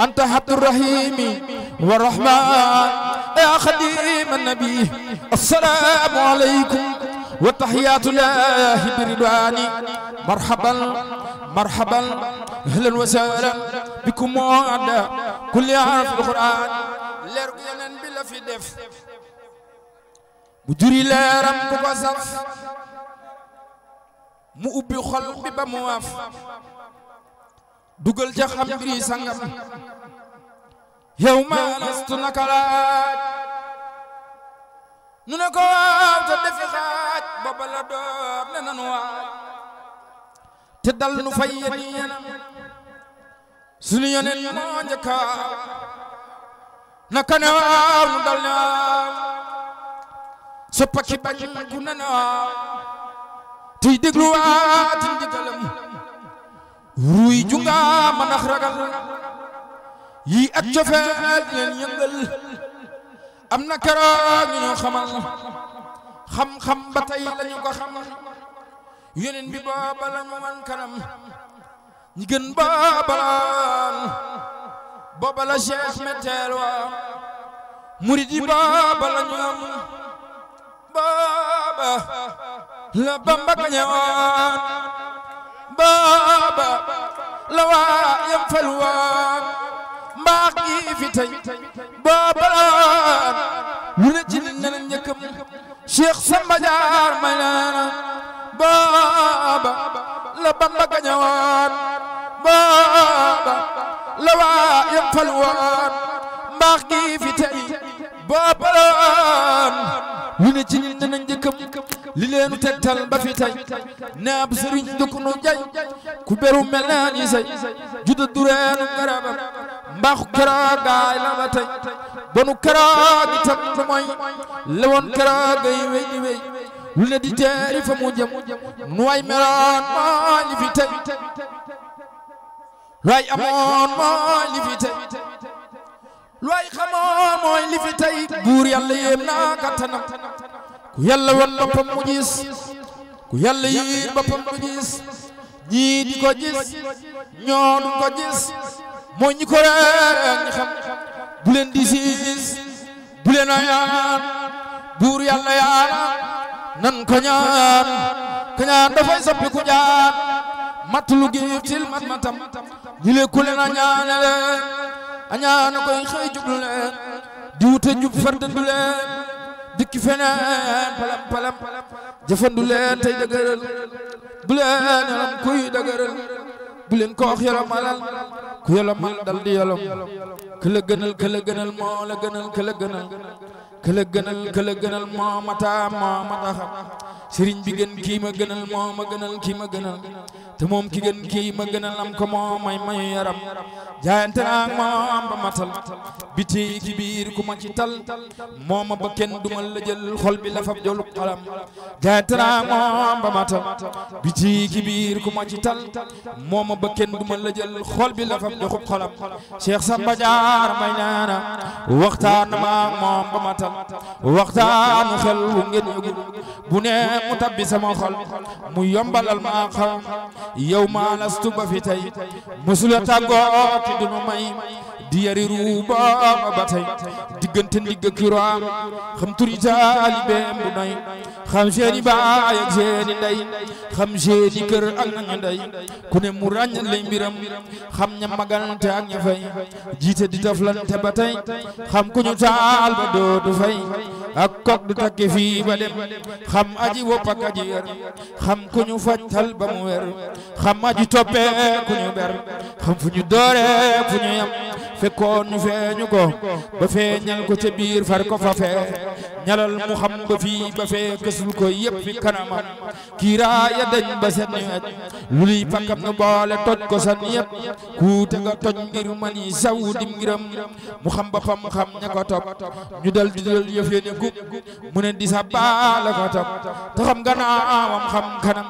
أنت عبد الرحيم والرحمن يا خديم النبي السلام عليكم وتحيات الله برضواني مرحبا مرحبا أهلا وسهلا بكم وعدا كل عرف القرآن leer gu yeneen bi la fi def mu juri leeram ku ko saf mu ubbi xol bi ba mu waaf dugal ca xam mbiri sangam yow ma lastu naka laaj nu ne ko te defi xaaj booba la door ne nanu waaj te dal nu fay yéen sunu yoneen moo njëkk waaw naka ne waaw nu dal ne waaw soppa ki bañ ku ne ne waaw tey déglu waatin ndigalam ruuy junga manax ragal yii ak cofeel di leen yëngal am na keroog ñu xamal xam-xam ba lañu ko xam yeneen bi booba mu ñu ñi gën booba laan booba la Cheikh metteel waa murid yi am booba la Bamba gañe baaba la waa yam fal waan fi tey boobalaan lu ne ci ne na njëkkam Cheikh Jaar may naana baaba la Bamba gañawaan baaba la waa yam fal waan fi tey boobalaan ñu ne ci ñun dinañ jëkkam li leenu tegtal ba fi tay ne ab sëriñ dëkk nu jay ku beru mel naa ni say juda dureenu garabam mbaaxu karaagaay la ma tey bonu karaag itam lu mooy la woon karaagay wéy di wéy lu ne di teeri fa mu jëm nu way meloon maa li fi tey waay amoon maa li fi tey lu ay xamoo mooy buur yàlla yéem naa kattanam ku yàlla won boppam mu gis ku yàlla yiir boppam mu gis ñii ko gis ñoo du ko gis mooy ñi ko reere ak ñi xam bu leen a ñaan buur yàlla yaana nan ko ñaan ko ñaan dafay soppi ku jaan mat lu giif til matam ñi ku leen a ñaanale añaan koy xëy jublu leen di wute jub fardandu leen dikki feneen palam palam jëfandu leen tey dëgëral du leen kuy dëgëral bu leen ko wax yolom alal ku yolom al dal di yolom ke la gënal ke la gënal moo la gënal ke la moo mata moo mata xam bi gën kii ma moo ma gënal kii ma te moom ki gën kii ma gën a lam ko moo may mayu yaram jaayante naa ak moom ba matal biti ki ku ma ci tal moo ma ba kenn duma la jël xol bi la fab jolu xalam jaayante naa ak moom ba matal biti ki ku ma ci tal moo ma ba kenn duma la jël xol bi la fab joxub xalam Cheikh Samba Diar may naana waxtaan ma ak moom ba matal waxtaanu xel wu ngeen bu ne mu tabbi sama xol mu yombalal ma xam yow ma lastu ba fi tey musula tàggoo te dunu may di yari ruubaam ba tey diggante ndigg ak yuraam xam turi taalibeem bu nay xam seeni baay ak seeni ndey xam seeni kër ak nañu ndey ku ne mu ràññ lay mbiram xam ña magante ak ña fay jiite di taflante ba tey xam ku ñu taal ba dootu fay ak kok du takki fii ba dem xam aji wopp ak aji xam ku ñu fajtal ba mu wer xam aji toppee ñu ber xam fu ñu dooree fu ñu yam fekkoon nu feeñu ko ba feeñal ko ca biir far ko fa fee ñalal mu xam ba fii ba fee gësul ko yëpp fi kanamam kiiraaya dañ ba seen wet lu luy pakkam nu boole toj ko san yëpp kuute nga toj ngir mani saw dim ngiram mu xam ba pam xam ña ko topp ñu dal di dal yëf yéene gub mu ne di sa baala ko topp te xam gannaawam xam kanam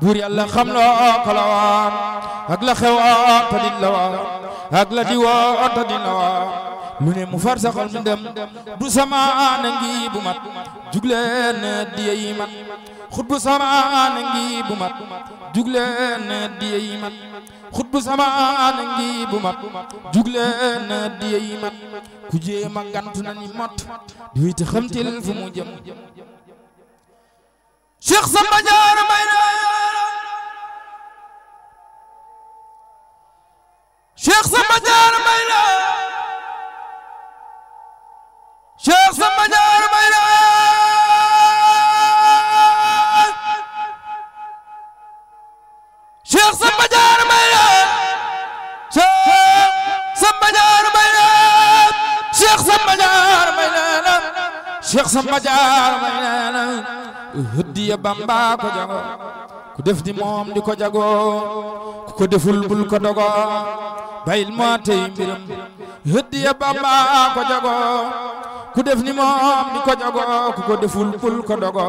buur yàlla xam loo ko la waan ak la xewoon te din la waan ak la di woon din la waan lu ne mu far saxal mu dem du samaana ngi bu mat jugleen diye yi mat xut bu samaana ngi bu mat jugleen mat xut bu samaana ngi bu mat jugleen diye yi mat ku jéema ngant na ni mot di witi xamtil fu mu jëm Cheikh Samba Diarra may na Cheikh Samba Diarra hëddiya bamba ko jago ku def ni moom di ko jago ku ko deful bul ko dogo bayil moo tey mbiram hëddiya bamba ko jago ku def ni moom di ko jago ku ko deful bul ko dogo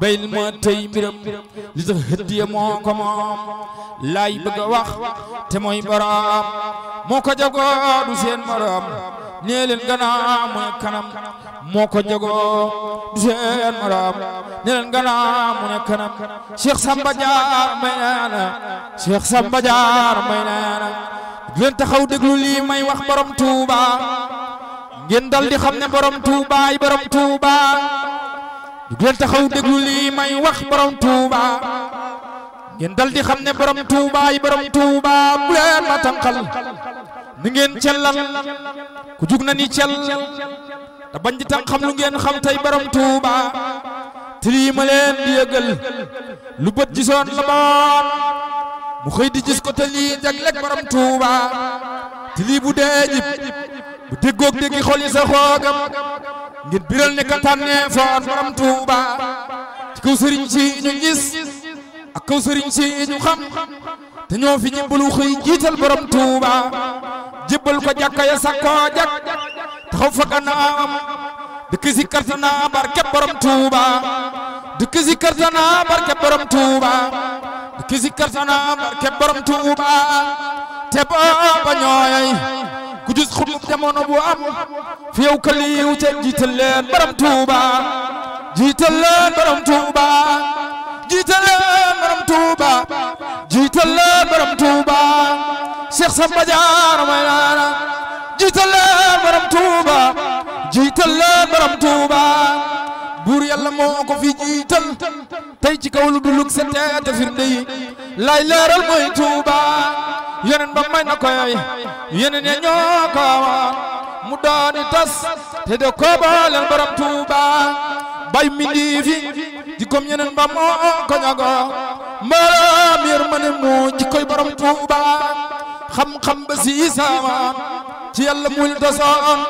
bayil moo tey mbiram li tax hëddiya moo ko moom laay bëgg a wax te mooy borom moo ko jago du seen morom nee leen gannaaw mooy kanam moo ko jagoo du seen moroom nee leen gannaaw mooy kanam Cheikh Samba Diar may naana Cheikh Samba Diar may naana leen taxaw déglu lii may wax borom Touba ngeen dal di xam ne borom Touba ay borom Touba wax borom Touba ngeen dal di xam ne borom Touba ay borom Touba bu leen ma ni ngeen cellal ku jug na ni cell te bañ di tam xam lu ngeen xam tey borom Touba te lii ma leen di yëgal lu bët gisoon la boon mu xëy di gis ko te lii jaglek borom Touba te lii bu dee jib bu déggoog déggi xol yi sa xoogam ngir biral ne ka tànnee foon ci kaw sëriñ si ñu gis ak kaw sëriñ si ñu xam te ñoo fi ñëbbalu xëy jiital borom Touba jébbal ko jàkka ya sakkoo jak taxaw fakka naa am dëkk si karta naa barke borom Touba dëkk si karta naa barke borom Touba dëkk si te booba ñooy ku gis xutub jamono bu am fi yow kaliw te jiital leen borom Touba jiital leen borom Touba jiital leen borom Touba jiital leen borom Samba Jaara may naana jiital leen borom Touba jiital leen borom Touba buur yàlla moo ko fi jiital tey ci kaw lu duluk sete te lay leeral mooy Touba yeneen ba may na ko yeneen ya ñoo ko mu dooni tas te de ko booleel borom Touba bay mindi fi jikkoom yeneen ba moo ko ñago mbaram yërmande mu jikkoy borom Touba xam-xam ba si isaamaam ci yàlla mul dosoon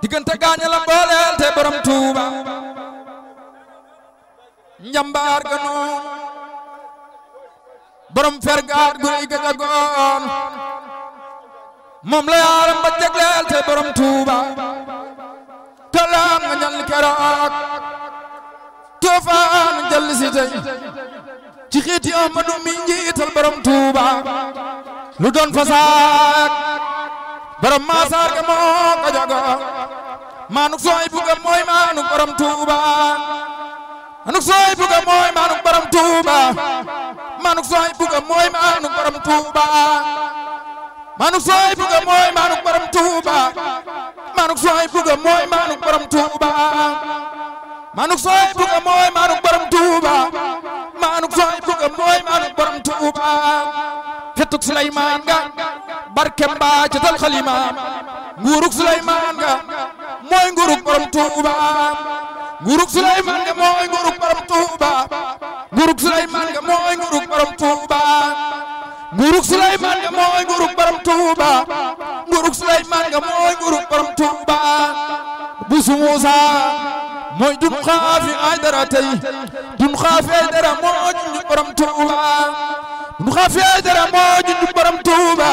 diggante gaaña la booleel te borom tuuba njambaar ga noon borom fergaat gu i gëj moom la yaaram ba jagleel te borom tuuba kalaam nga ñal keroog toofaan jall si tey ci xiiti ahmadu mi njiital borom tuuba lu doon fasaak borom maasaar ga moo ko jago maanuk sooy buga mooy maanuk borom tuuba maanuk sooy buga mooy maanuk borom tuuba maanuk sooy buga mooy maanuk borom tuuba maanuk sooy buga mooy maanuk borom tuuba maanuk sooy buga mooy maanuk borom tuuba maanuk sooy buga mooy maanuk borom tuuba maanuk sooy buga mooy maanuk borom tuuba nguurug Suleymaan nga barke mbaa jotal xalimaam nguurug Suleymaan nga mooy nguurug borom Tuuba nguurug Suleymaan nga mooy nguurug borom Tuuba nguurug Suleymaan nga mooy nguurug borom Tuuba nguurug Suleymaan nga mooy nguurug borom Tuuba nguurug Suleymaan nga mooy nguurug borom Tuuba busu Muusa mooy dun xaafi ay dara tey dun xaafi ay dara moo ñu borom Tuuba dun xaaf yaay dara moo junj borom Touba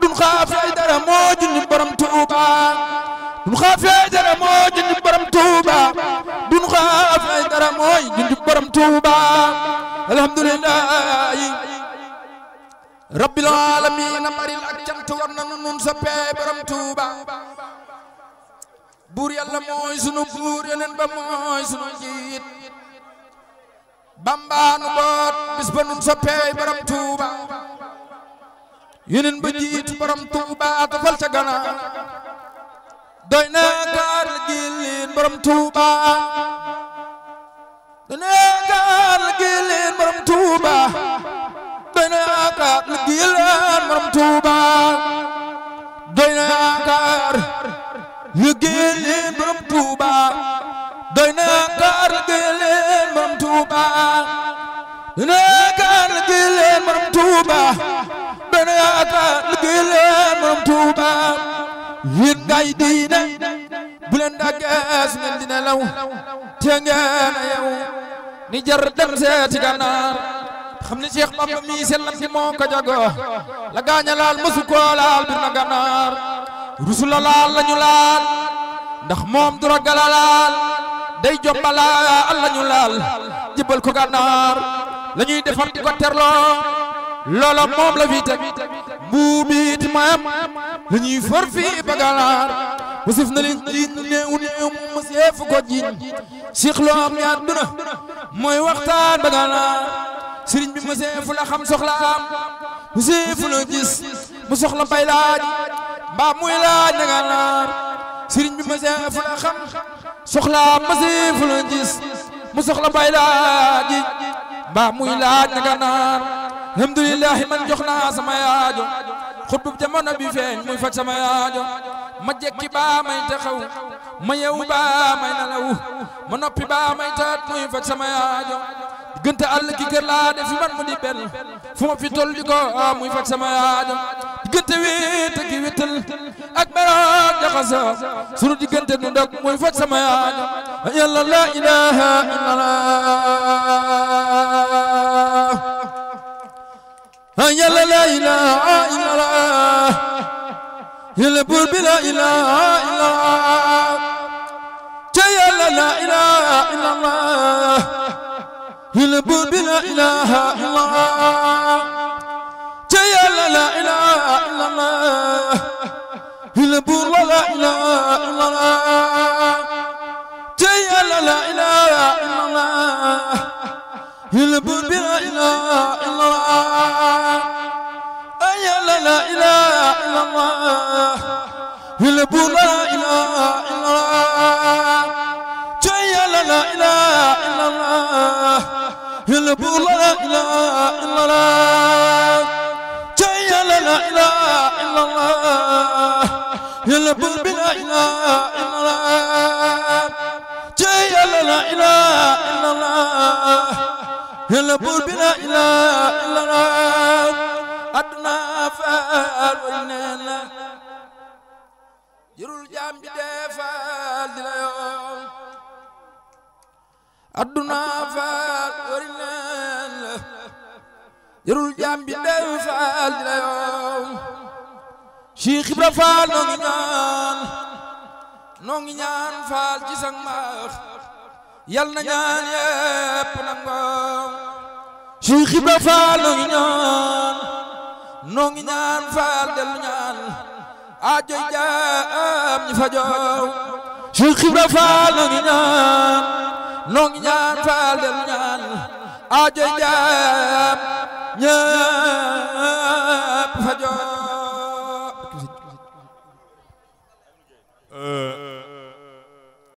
dun xaaf yaay dara moo junj borom Touba dun xaaf yaay dara dara mooy junj borom Touba alhamdulilahi rabbil alamin baril ak cant war nanu nun soppee borom Touba buur yàlla mooy sunu buur yeneen ba mooy sunu jiit bambaanu boot bis ba nun soppeey borom tuuba yeneen ba jiitu borom tuuba tafal ca gannaaw doy na gaar la gilliin borom tuuba doy na gaar la gilliin borom tuuba doy na gaar la gilliin borom tuuba doy na gaar la gilliin dana yaakaar liggéey leen borom Touba dana yaakaar liggéey leen borom Touba yéen ngay diine bu leen dàggee su ngeen dina law te ngeen ni jar dem seeti gànnaar xam ne Cheikh Bamba mi sellam ci moo ko jagoo la gaaña laal mësu koo laal bir na gànnaar rusu la laal la laal ndax moom du ragal a laal day jombala Allah ñu laal jëbbal ko gànnaar la ñuy defar di ko terloo loola moom la fi teg ti maam la ñuy for fii ba galaar wasif na leen jiiñ mu seef ko jiiñ Cheikh Lo am ñaar duna mooy waxtaan ba galaar sëriñ bi mu seefu la xam soxlaam mu seefu la gis mu soxla mbay laaj mbaa muy laaj na galaar bi mu seefu la xam soxlaam mu seefu la gis mu soxla mbay laaj ba muy laaj naka naan alhamdulilahi man jox naa sama yaajo xutbub jamono bi feeñ muy faj sama yaajo ma jekki baa may taxaw ma yew baa may nalaw ma noppi baa may taat muy faj sama yaajo gënta àll ki kër laa def fi man mu di fu ma fi toll di muy faj sama yaajo diggante wéet ak wéetal ak meroon jaxasa sunu diggante nu ndog muy faj sama yaajo yàlla la ilaha illallah yàlla la ilaha illallah yàlla buur bi la ilaha illallah ca yàlla la ilaha illallah yàlla buur bi la ilaha illallah ca yàlla la ilaha illallah yàlla buur la la ilaha illallah ca yàlla la ilaha illallah yàlla buur bi la ilaha illallah الله والبو لا إله إلا الله جاي لا إله إلا الله والبو لا إله إلا الله جاي لا إله إلا الله والبو بلا إله إلا الله جاي لا إله إلا الله والبو بلا إله إلا الله adduna faal way la jërul jaam bi faal la yoon adduna faal way la jërul jaam bi faal la yoon Cheikh Ibra Faal noo ngi ñaan faal ci maax yal na ñaan yépp nangoo Cheikh Ibra Faal noo noo ngi ñaan faal dellu ñaan aajo jaam ñi fajoo Faal noo ngi ñaan noo ngi ñaan faal dellu ñaan